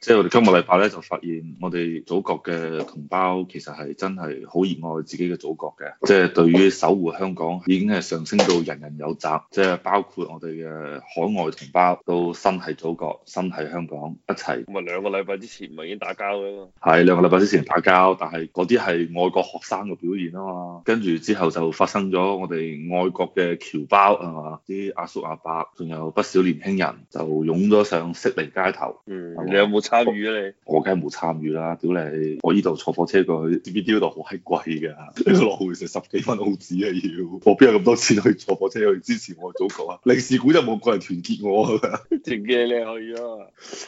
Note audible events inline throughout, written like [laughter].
即係我哋今個禮拜咧，就發現我哋祖國嘅同胞其實係真係好熱愛自己嘅祖國嘅，即係對於守護香港已經係上升到人人有責，即係包括我哋嘅海外同胞都身係祖國，身係香港，一齊。咁咪兩個禮拜之前咪已經打交嘅咯，係兩個禮拜之前打交，但係嗰啲係外國學生嘅表現啊嘛，跟住之後就發生咗我哋外國嘅僑胞啊嘛，啲阿叔阿伯仲有不少年輕人就湧咗上悉尼街頭，嗯，你有冇？參與啊你！你我梗係冇參與啦，屌你！我依度坐火車過去，B B D 嗰度好閪貴噶，落去成十幾蚊澳紙啊！要我邊有咁多錢去坐火車去支持我祖國啊？ [laughs] 零市股就冇個人團結我㗎，團結你去啊，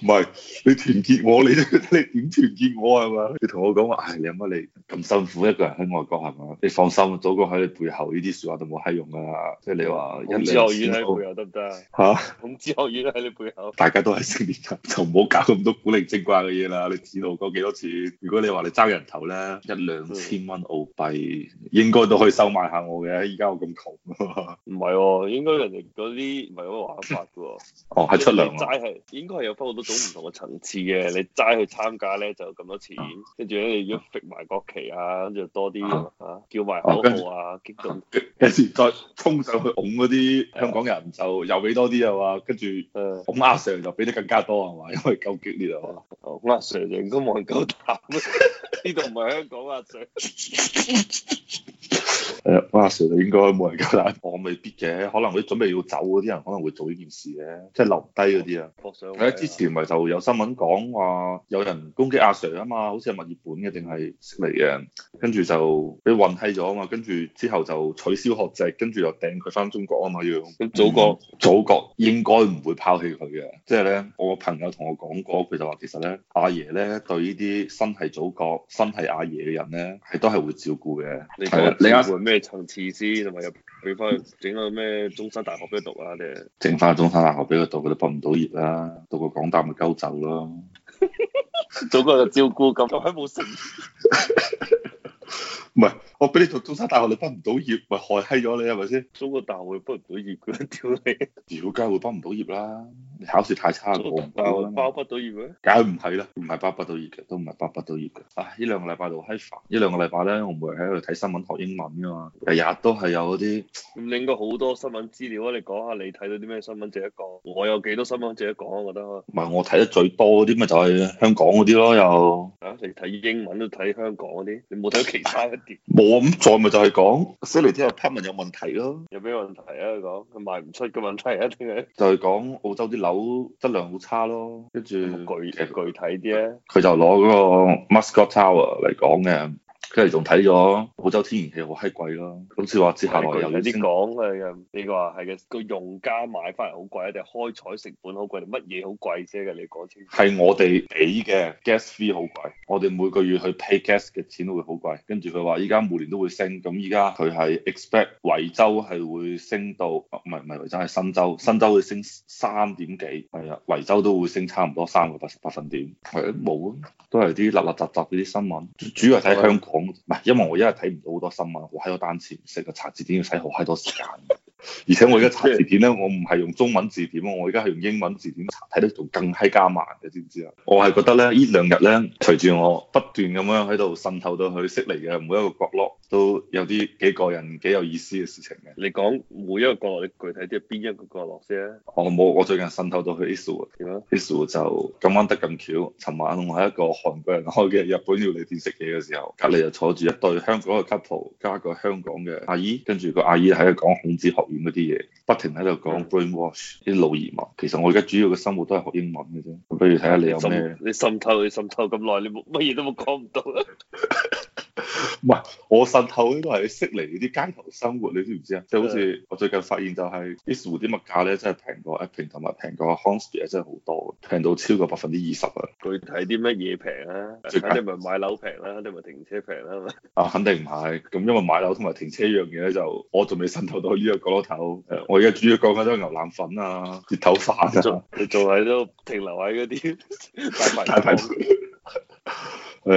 唔係你團結我，你你點團結我係嘛？你同我講話，唉、哎，你有乜你咁辛苦一個人喺外國係嘛？你放心，祖國喺你背後，呢啲説話都冇閪用㗎啦。即係你話，五子學院喺背後得唔得？嚇！五子學院喺你背後， [laughs] 大家都係成年人，就唔好搞咁多。古靈精怪嘅嘢啦，你知道過幾多錢？如果你話你爭人頭咧，一兩千蚊澳幣應該都可以收買下我嘅。而家我咁窮，唔係、哦，應該人哋嗰啲唔係咁玩法嘅。哦，係出糧啊！齋係應該係有分好多種唔同嘅層次嘅。你齋去參加咧就咁多錢，跟住咧你要揈埋國旗啊，跟住多啲嚇，嗯、叫埋口號啊，激到、哦、跟住、嗯、再衝上去拱嗰啲香港人就又俾多啲啊嘛，跟住拱阿 Sir 就俾得更加多啊嘛，因為夠激烈。有啊，阿 Sir 就都冇人夠膽，呢度唔係香港，阿 Sir 係啊，阿 Sir 就應該冇人夠膽，我未必嘅，可能啲準備要走嗰啲人可能會做呢件事嘅，即係留低嗰啲啊。係啊，我想之前咪就有新聞講話有人攻擊阿、啊、Sir 啊嘛，好似係墨爾本嘅定係悉尼嘅，跟住就俾混氣咗啊嘛，跟住之後就取消學籍，跟住又掟佢返中國啊嘛樣。要嗯、祖國祖國應該唔會拋棄佢嘅，即係咧，我個朋友同我講過，其就話其實咧，阿爺咧對呢啲身係祖國、身係阿爺嘅人咧，係都係會照顧嘅。係啊，你換咩層次先，同埋入去翻去整個咩中山大學俾佢讀啊？你整翻中山大學俾佢讀，佢都畢唔到業啦。到個港大咪鳩走咯。祖國就照顧咁咁閪冇聲。唔係。 [laughs] [laughs] 我俾你讀中山大學，你畢唔到業，咪害閪咗你係咪先？中山大學會畢唔到業，咁屌你！屌梗係會畢唔到業啦！你考試太差我唔包我畢唔到業咧，梗唔係啦，唔係包不到業嘅，都唔係包不到業嘅。唉、啊，呢兩個禮拜度閪煩。呢兩個禮拜咧，我每日喺度睇新聞學英文噶嘛，日日都係有嗰啲。咁你應該好多新聞資料啊！你講下你睇到啲咩新聞，凈一講。我有幾多新聞，凈一講，我覺得。唔係我睇得最多嗰啲，咪就係香港嗰啲咯，又。成日睇英文都睇香港嗰啲，你冇睇到其他一啲？冇啊，咁再咪就係、是、講悉尼天價 payment 有問題咯。有咩問題啊？佢講佢賣唔出嘅問題啊，就係講澳洲啲樓質量好差咯。跟住具嘅具體啲咧，佢就攞嗰個 Mascot Tower 嚟講嘅。跟住仲睇咗澳洲天然氣好閪貴咯，好似話接下來有啲講嘅，你話係嘅，個用家買翻嚟好貴，定係開採成本好貴，定乜嘢好貴啫？嘅你講先，係我哋俾嘅 gas fee 好貴，我哋每個月去 pay gas 嘅錢都會好貴，跟住佢話依家每年都會升，咁依家佢係 expect 維州係會升到，唔係唔係維州係新州，新州會升三點幾，係啊，維州都會升差唔多三個百百分點，係啊，冇啊，都係啲垃垃雜雜嗰啲新聞，主要係睇香港。講唔係，因為我一日睇唔到好多新聞，學好多單詞唔識，個查字典要使好閪多時間。 [laughs] 而且我而家查字典咧，我唔係用中文字典，我而家係用英文字典查，睇得仲更閪加慢，你知唔知啊？我係覺得咧，呢兩日咧，隨住我不斷咁樣喺度滲透到佢悉尼嘅每一個角落，都有啲幾個人幾有意思嘅事情嘅。你講每一個角落，你具體啲係邊一個角落先？我冇、哦，我最近滲透到去 Eastwood Eastwood 就咁啱得咁巧，尋晚我喺一個韓國人開嘅日本料理店食嘢嘅時候，隔離就坐住一對香港嘅 couple 加一個香港嘅阿姨，跟住個阿姨喺度講孔子學。遠嗰啲嘢，不停喺度講 brainwash 啲腦移嘛。其實我而家主要嘅生活都係學英文嘅啫。不如睇下你有咩，你滲透，你滲透咁耐，你冇乜嘢都冇講唔到啦。 [laughs] 唔係，我滲透呢個係識嚟啲街頭生活，你知唔知啊？即係好似我最近發現就係，Eastwood 啲物價咧真係平過 Epping 同埋平過 Hornsby 真係好多，平到超過百分之二十啊！具體啲乜嘢平啊？你咪係買樓平啦，你咪停車平啦啊，啊，肯定唔係。咁因為買樓同埋停車一樣嘢咧，就我仲未滲透到呢個角落頭。的我而家主要講緊都係牛腩粉啊、熱頭飯啊。你仲喺度停留喺嗰啲係啊，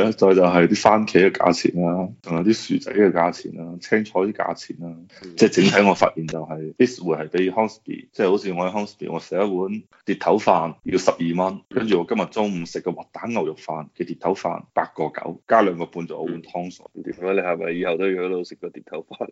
[laughs] 再就係啲番茄嘅價錢啦，仲有啲薯仔嘅價錢啦，青菜啲價錢啦，即係 [laughs] 整體我發現就係 i s 回係比 Hornsby 即係好似我喺 Hornsby 我食一碗碟頭飯要十二蚊，跟住我今日中午食個滑蛋牛肉飯嘅碟頭飯八個九，加兩個半就碗湯 soup 點你係咪以後都要喺度食個碟頭飯？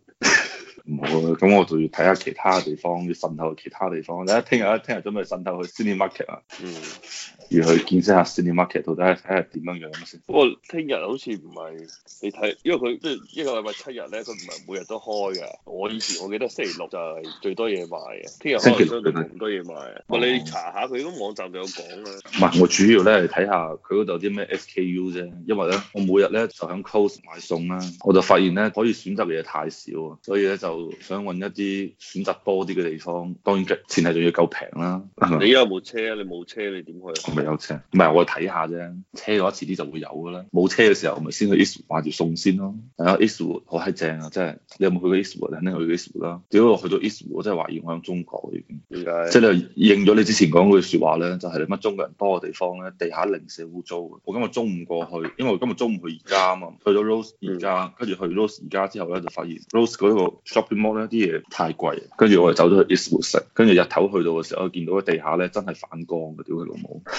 唔 [laughs] 會，咁我就要睇下其他地方要滲透其他地方。你聽日聽日準備滲透去 City Market 啊？嗯。 [laughs] [laughs] 要去見識下 City Market 到底睇下點樣樣先。不過聽日好似唔係你睇，因為佢即係一個禮拜七日咧，佢唔係每日都開嘅。我以前我記得星期六就係最多嘢賣嘅，聽日星期六都仲多嘢賣啊！我、嗯、你查下佢嗰個、那個、網站就有講啦。唔係我主要咧睇下佢嗰度啲咩 SKU 啫。因為咧我每日咧就喺 Coles 買餸啦，我就發現咧可以選擇嘅嘢太少，啊。所以咧就想揾一啲選擇多啲嘅地方。當然前提仲要夠平啦。你家有冇車啊？你冇車你點去？有車唔係我睇下啫，車嘅話遲啲就會有㗎啦。冇車嘅時候，咪先去 Eastwood 買住餸先咯。係啊、yeah，Eastwood 好閪正啊，真係！你有冇去過 Eastwood？肯定去 Eastwood 啦、啊。屌，我去到 Eastwood 真係懷疑我喺中國已經。點解？即係你認咗你之前講嗰句説話咧，就係你乜中國人多嘅地方咧，地下零舍污糟。我今日中午過去，因為我今日中午去而家啊嘛，去咗 Rose 而家，跟住去 Rose 而家之後咧，就發現 Rose 嗰個 shopping mall 咧啲嘢太貴，跟住我就走咗去 Eastwood 食，跟住日頭去到嘅時候，我見到個地下咧真係反光嘅，屌佢老母！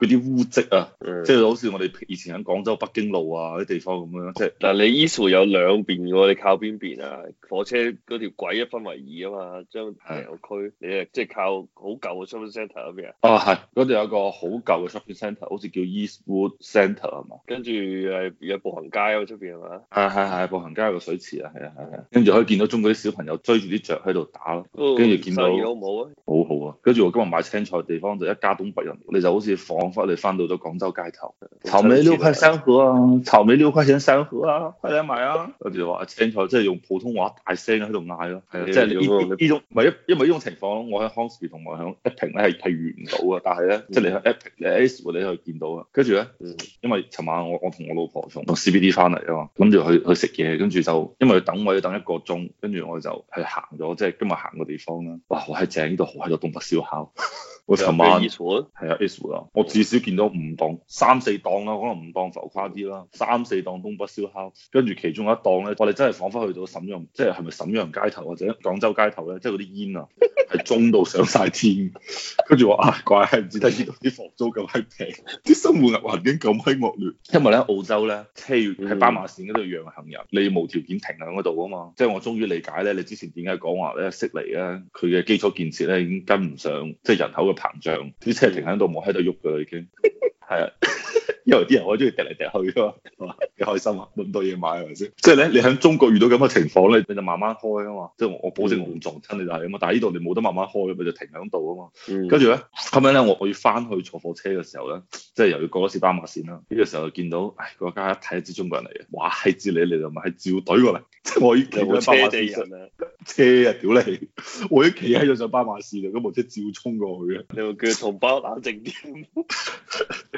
嗰啲污漬啊，嗯、即係好似我哋以前喺廣州北京路啊啲地方咁樣，即係嗱你 Eastwood 有兩邊嘅、啊、喎，你靠邊邊啊？火車嗰條軌一分為二啊嘛，將舊區，是你係即係靠好舊嘅 shopping centre 嗰邊啊？哦、啊，係嗰度有個舊 center，好舊嘅 shopping centre 好似叫 Eastwood Centre 係嘛？跟住而家步行街喎出邊係嘛？係係係步行街有個水池啊，係啊係啊，跟住可以見到中國嗰啲小朋友追住啲雀喺度打咯，跟住、嗯、見到好好，好啊！跟住我今日買青菜地方就一家東北人，你就好似放翻嚟翻到咗廣州街頭，草莓六塊三盒啊！草莓六塊錢三盒啊！快啲買啊！跟住話啊，青菜即係用普通話大聲喺度嗌咯，即係呢呢種唔係因為呢種情況，我喺康士利同埋喺一平咧係係遇唔到嘅，但係咧即係你喺一平你熱血你係見到啊。跟住咧因為尋晚我我同我老婆從從 CBD 翻嚟啊嘛，諗住去去食嘢，跟住就因為等位等一個鐘，跟住我就係行咗，即係今日行個地方啦。哇！我喺井度，我喺度東北燒烤。我尋晚係啊，至少見到五檔、三四檔啦，可能五檔浮誇啲啦，三四檔東北燒烤，跟住其中一檔咧，我哋真係彷彿去到沈陽，即係係咪沈陽街頭或者廣州街頭咧？即係嗰啲煙啊，係中度上晒天，跟住我啊，怪唔知得唔得？啲房租咁閪平，啲生活環境咁閪惡劣。因為咧澳洲咧，車喺斑馬線嗰度讓行人，你無條件停喺嗰度啊嘛。即係我終於理解咧，你之前點解講話咧悉尼咧，佢嘅基礎建設咧已經跟唔上，即係人口嘅膨脹，啲車停喺度冇喺度喐佢。係啊。因為啲人我中意趯嚟趯去咯，嘛，幾開心啊，揾多嘢買係咪先？即係咧，你喺中國遇到咁嘅情況咧，你就慢慢開啊嘛，即係我保證我唔撞親你、嗯、就係啊嘛。但係呢度你冇得慢慢開，咪就停喺度啊嘛。跟住咧，咁樣咧，我我要翻去坐火車嘅時候咧，即係又要過一次斑馬線啦。呢、這個時候就見到，唉，嗰家一睇就知中國人嚟嘅，哇，係知你嚟就咪照隊過嚟，即係我已經企喺斑馬線上車，車啊，屌你，我已經企喺咗上斑馬線，嗰部車照衝過去嘅，你話叫佢同胞冷靜啲。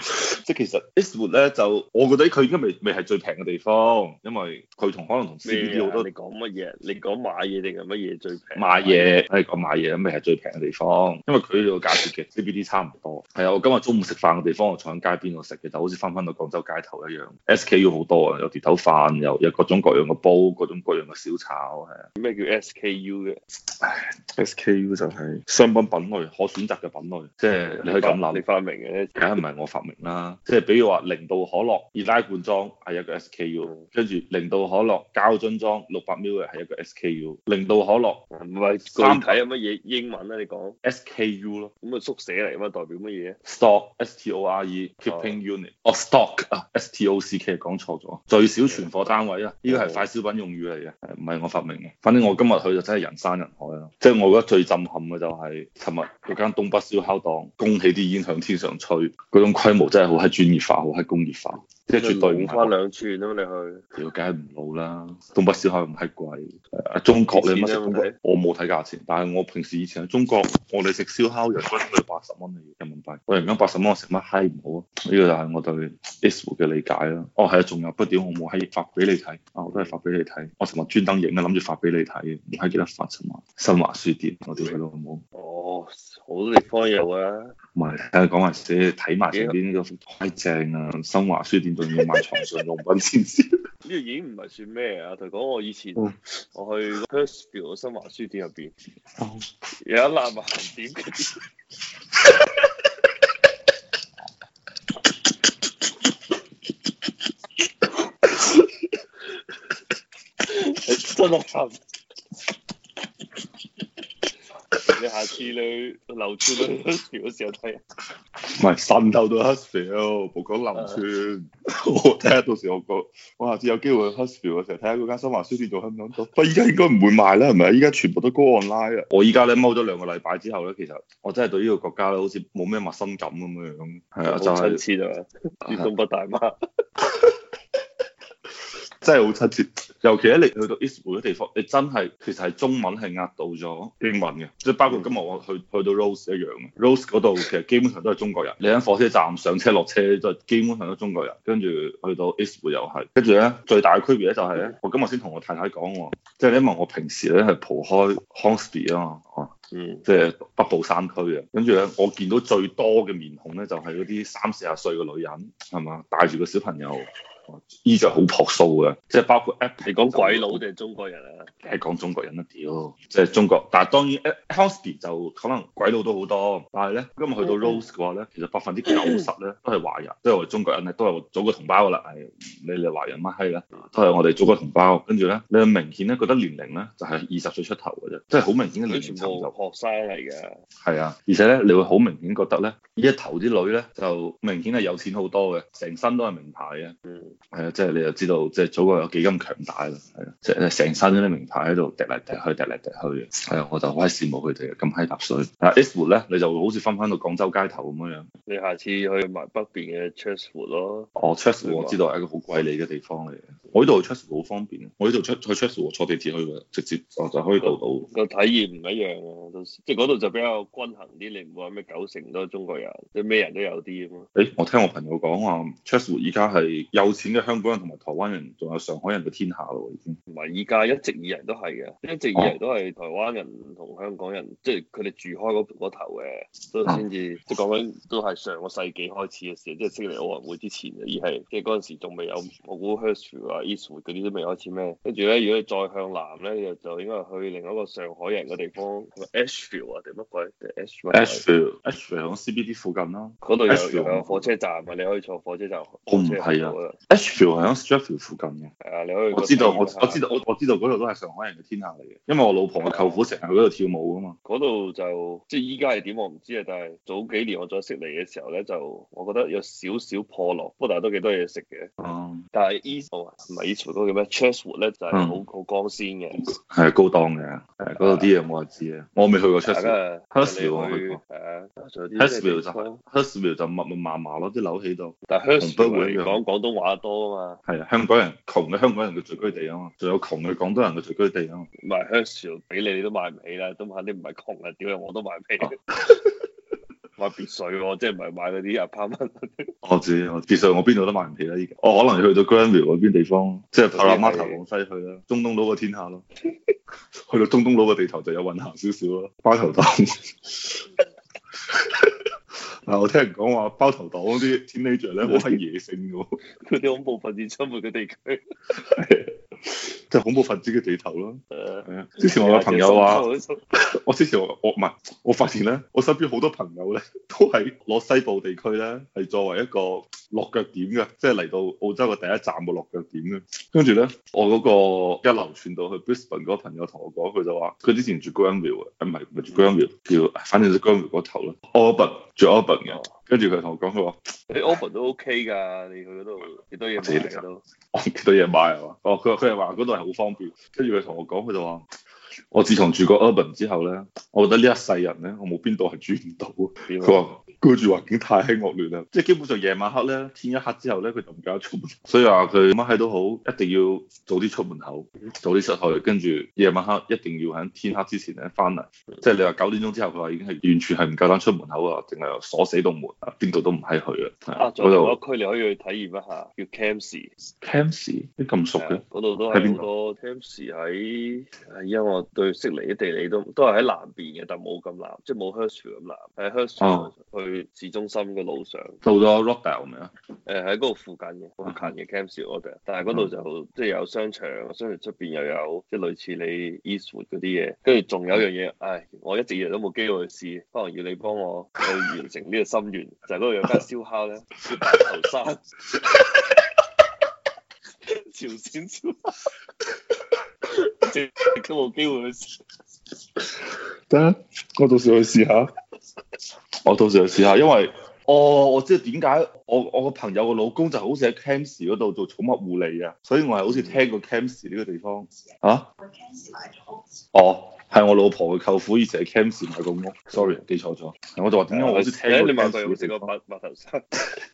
[laughs] 即係其實 Eastwood 咧就我覺得佢應該未未係最平嘅地方，因為佢同可能同 CBD 好多。你講乜嘢？你講買嘢定係乜嘢最平？買嘢，係講買嘢咁未係最平嘅地方，因為佢個價值嘅 CBD 差唔多。係啊， [coughs] 我今日中午食飯嘅地方我坐喺街邊度食嘅，就好似翻翻到廣州街頭一樣。SKU 好多啊，有碟頭飯，有有各種各樣嘅煲，各種各樣嘅小炒係啊。咩叫 SKU 嘅？唉，SKU 就係商品品類可選擇嘅品類，即係、嗯、你可以咁諗。你發明嘅？梗係唔係我發明啦？ [coughs] [coughs] 即係比如話零度可樂易拉罐裝係一個 SKU，跟住零度可樂膠樽裝六百 ml 嘅係一個 SKU，零度可樂唔係具有乜嘢英文啊？你講 SKU 咯，咁啊縮寫嚟，啊，代表乜嘢？Stock，哦，S T O R E keeping unit 哦，stock 啊，S T O C K 講錯咗，最少存貨單位啊，呢個係快消品用語嚟嘅，唔係我發明嘅。反正我今日去就真係人山人海啊，即係我覺得最震撼嘅就係，尋日嗰間東北燒烤檔，拱起啲煙向天上吹，嗰種規模真係好。係專業化好，係工業化，即係絕對五塊兩串咯、啊。你去，呢個唔好啦。東北燒烤又唔係貴、呃，中國你乜食？我冇睇價錢，但係我平時以前喺中國，我哋食燒烤人均都係八十蚊人民幣。人我而家八十蚊，我食乜嗨，唔好啊？呢個就係我對 Eastwood 嘅理解啦。哦，係啊，仲有不嬲、哦，我冇閪發俾你睇，我都係發俾你睇。我成日專登影啊，諗住發俾你睇，唔係記得發神話？新華書店，我屌佢老母！的哦，好多地方有啊。唔係，睇佢講還是睇埋前邊呢個太正啦、啊！新華書店仲要買床上用品先知，呢個已經唔係算咩啊！同講我以前，我去 Perth 個新華書店入邊，有一爛漫點。哈哈真係你下次你留住去 Hospital、啊、嗰時候睇，唔係滲透到 Hospital 唔講樓村。啊、 [laughs] 我睇下到時我講，我下次有機會去 Hospital 嗰時睇下嗰間新華書店仲響唔響檔。不過依家應該唔會賣啦，係咪啊？依家全部都 go online 啊！我依家咧踎咗兩個禮拜之後咧，其實我真係對呢個國家咧好似冇咩陌生感咁樣咁係啊，就係、是。好親切啊！東北大媽， [laughs] 真係好親切。尤其咧，你去到 Eastwood 啲地方，你真係其實係中文係壓到咗英文嘅，即係包括今日我去去到 Rose 一樣嘅，Rose 嗰度其實基本上都係中國人，你喺火車站上車落車都係基本上都係中國人，跟住去到 Eastwood 又係，跟住咧最大嘅區別咧就係咧，我今日先同我太太講喎，即係因為我平時咧係蒲開 Hornsby 啊嘛，哦，嗯，即係北部山區嘅，跟住咧我見到最多嘅面孔咧就係嗰啲三四十歲嘅女人，係嘛，帶住個小朋友。衣着好樸素嘅，即係包括 App 係講鬼佬定係中國人啊？係講中國人啦、啊，屌、嗯！即係中國，嗯、但係當然 Hausby、嗯、就可能鬼佬都好多，但係咧今日去到 Rose 嘅話咧，嗯、其實百分之九十咧都係華人，即係我哋中國人咧都係我祖國同胞噶啦。誒，你哋華人乜係啦，都係我哋祖國同胞。跟住咧，你會明顯咧覺得年齡咧就係二十歲出頭嘅啫，即係好明顯嘅年齡層就學生嚟嘅。係啊，而且咧你會好明顯覺得咧，呢一頭啲女咧就明顯係有錢好多嘅，成身都係名牌嘅。嗯係啊，即係、就是、你又知道，即、就、係、是、祖國有幾咁強大啊！係啊，即係成身嗰啲名牌喺度，滴嚟滴去，滴嚟滴去。係啊，我就好閪羨慕佢哋咁喺踏水。啊 Eastwood 咧，你就好似翻返到廣州街頭咁樣樣。你下次去埋北邊嘅 Chatswood 咯。哦，Chatswood 果我知道係一個好貴利嘅地方嚟。嘅。我呢度 Chatswood 好方便，我呢度出去 Chatswood 坐地鐵去嘅，直接就可以到到。那個那個體驗唔一樣啊，就是、即係嗰度就比較均衡啲，你唔會話咩九成都係中國人，即咩人都有啲啊嘛。誒、欸，我聽我朋友講話，Chatswood 依家係優錢嘅香港人同埋台灣人，仲有上海人嘅天下咯，已經。同埋而家一直以嚟都係嘅，一直以嚟都係台灣人同香港人，即係佢哋住開嗰頭嘅，都先至即係講緊都係上個世紀開始嘅事，即係悉尼奧運會之前啊，而係即係嗰陣時仲未有我估 Hurstville 啊 Eastwood 嗰啲都未開始咩。跟住咧，如果你再向南咧，就就應該去另一個上海人嘅地方 Ashfield 啊，定乜鬼定 Ashfield Ashfield 響 CBD 附近啦、啊，嗰度有 Ashfield, 有火車站啊，你可以坐火車站，火車站火。我唔係啊。Hurstville 係喺 Strathfield 附近嘅，係啊，你可以我知道我我知道我我知道嗰度都係上海人嘅天下嚟嘅，因為我老婆嘅舅父成日去嗰度跳舞㗎嘛。嗰度就即係依家係點我唔知啊，但係早幾年我再食嚟嘅時候咧，就我覺得有少少破落，不過但係都幾多嘢食嘅。哦。但係以前唔係以前嗰個叫咩？Chatswood 咧就係好好光鮮嘅，係高檔嘅。嗰度啲嘢我係知啊，我未去過 Chatswood。Hurstville 我係。係啊，Hurstville 就 Hurstville 就密密麻麻咯，啲樓喺度，但 Hurstville 同不會講廣東話。多啊嘛，係啊，香港人窮嘅香港人嘅聚居地啊嘛，仲有窮嘅廣東人嘅聚居地啊嘛。唔係香少俾你，你都買唔起啦，都肯定唔係窮啊，屌樣我都買唔起。啊、 [laughs] 買別墅喎、啊，即係唔係買嗰啲 apartment 我知，我別墅我邊度都買唔起啦，依家。我、oh, 可能去到 Granville 嗰邊地方，即係 Parramatta 往西去啦， [laughs] 中東佬個天下咯。 [laughs] 去到中東佬個地頭就有運行少少咯，花頭檔。 [laughs] 嗱，我聽人講話包頭黨嗰啲天黑著咧，好係野性嘅，佢啲 [laughs] 恐怖分子出門嘅地區，係即係恐怖分子嘅地頭咯。係啊，之前我嘅朋友話， [laughs] 我之前我我唔係，我發現咧，我身邊好多朋友咧，都係攞西部地區咧，係作為一個。落腳點嘅，即係嚟到澳洲嘅第一站嘅落腳點嘅。跟住咧，我嗰個一路傳到去 Brisbane 嗰個朋友同我講，佢就話：佢之前住 Granville，唔、啊、係唔係住 Granville，叫反正就 Granville 嗰頭啦。Auburn、mm hmm. 住 Auburn 嘅，oh. 跟住佢同我講佢話：你 Auburn 都 OK 噶，你去嗰度幾多嘢買都，哦幾多嘢買係嘛？哦佢佢係話嗰度係好方便，跟住佢同我講佢就話。我自從住過 Urban 之後咧，我覺得呢一世人咧，我冇邊度係住唔到。佢話居住環境太惡劣啦，即係基本上夜晚黑咧，天一黑之後咧，佢就唔夠膽出門。所以話佢乜閪都好，一定要早啲出門口，早啲出去，跟住夜晚黑一定要喺天黑之前咧翻嚟。即係你話九點鐘之後，佢話已經係完全係唔夠膽出門口啊，淨係鎖死道門，邊度都唔喺去啊。嗰度有一區你可以去體驗一下，叫 Campsie。Campsie？啲咁熟嘅？嗰度都係邊個？Campsie 喺喺音樂。對悉尼嘅地理都都係喺南邊嘅，但冇咁南，即係冇 Hurstville 咁南，喺 Hurstville 去市中心嘅路上。到咗 Rockdale 未啊？誒喺嗰度附近嘅，好近嘅 Campsie，但係嗰度就即係有商場，商場出邊又有即係類似你 Eastwood 嗰啲嘢，跟住仲有一樣嘢，唉，我一直以來都冇機會去試，可能要你幫我去完成呢個心願。 [laughs] 就係嗰度有間燒烤咧，叫白頭山， [laughs] [laughs] 朝鮮燒烤。都冇機會去試，得，我到時去試下， [laughs] 我到時去試下，因為，哦，我知點解，我我個朋友個老公就好似喺 Campsie 嗰度做寵物護理啊，所以我係好似聽過 Campsie 呢個地方，嚇、啊，哦，係我老婆嘅舅父以前喺 Campsie 買過屋，sorry 記錯咗，我就話點解我好似聽過 Campsie。 [laughs]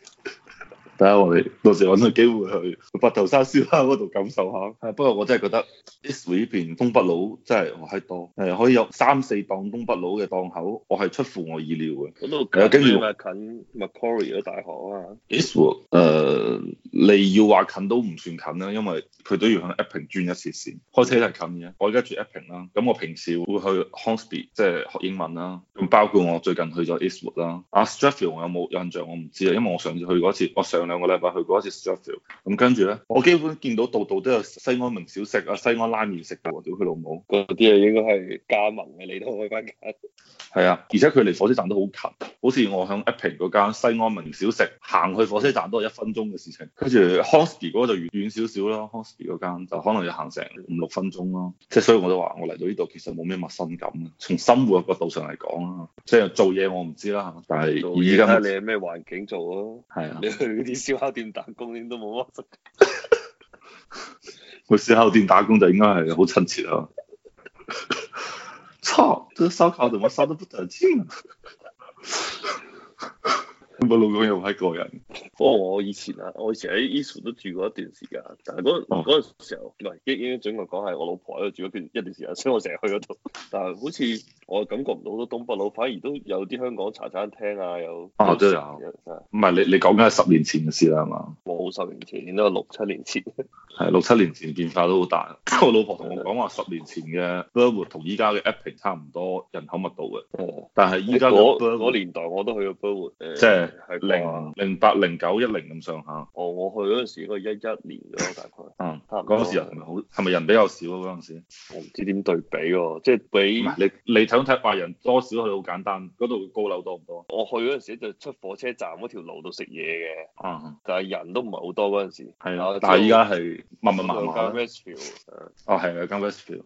大家，我哋到時揾個機會去白頭山燒烤嗰度感受下。不過我真係覺得 Eastwood 呢邊東北佬真係好閪多，誒可以有三四檔東北佬嘅檔口，我係出乎我意料嘅。嗰度係啊，跟住近 Macquarie 嘅大學啊嘛。Eastwood 誒，你要話近都唔算近啦，因為佢都要向 Epping 轉一次線，開車都係近嘅。我而家住 Epping 啦，咁我平時會去 Honsby 即係學英文啦，咁包括我最近去咗 Eastwood 啦。阿 Stefan 我有冇印象？我唔知啊，因為我上次去嗰次我上。兩個禮拜去過一次 Stratford，咁跟住咧，我基本見到度度都有西安名小食啊、西安拉麪食，我屌佢老母，嗰啲嘢應該係加盟嘅，你都可以翻間。係啊，而且佢離火車站都好近，好似我響 Epping 嗰間西安名小食，行去火車站都係一分鐘嘅事情。跟住 Hornsby 嗰個遠少少啦，Hornsby 嗰間就可能要行成五六分鐘咯。即係所以我都話，我嚟到呢度其實冇咩陌生感嘅。從生活嘅角度上嚟講啊，即係做嘢我唔知啦，但係而家你喺咩環境做啊？係啊，你去嗰啲。燒烤店打工都冇乜食，去燒烤店打工就應該係好親切咯。操，啲、這、燒、個、烤怎麼燒得不得勁？我 [laughs] 老公又係個人。不過我我以前啊，我以前喺 Eastwood 都住過一段時間，但係嗰嗰陣時候唔係，應應該準確講係我老婆喺度住咗一段一段時間，所以我成日去嗰度，但係好似。 [laughs] 我感覺唔到好多東北佬，反而都有啲香港茶餐廳啊，有啊，都、啊、有，唔係你你講緊係十年前嘅事啦，係嘛？冇十年前都係六七年前，係 [laughs] 六七年前變化都好大。 [laughs] 我老婆同我講話的十年前嘅 Burwood 同依家嘅 Epping 差唔多人口密度嘅，哦、但係依家嗰嗰年代我都去過嗰、呃就是、Burwood 誒，即係零零八零九一零咁上下。哦，我去嗰陣時應該一一年咯大概。嗯，嗰陣、嗯、時人係咪好係咪人比較少啊？嗰時我唔知點對比喎，即係比你你想睇白人多少去好簡單，嗰度高樓多唔多？我去嗰陣時就出火車站嗰條路度食嘢嘅，嗯、啊，就係人都唔係好多嗰陣時，係的啊，但係依家係密密麻麻啦。哦，係啊，Westfield。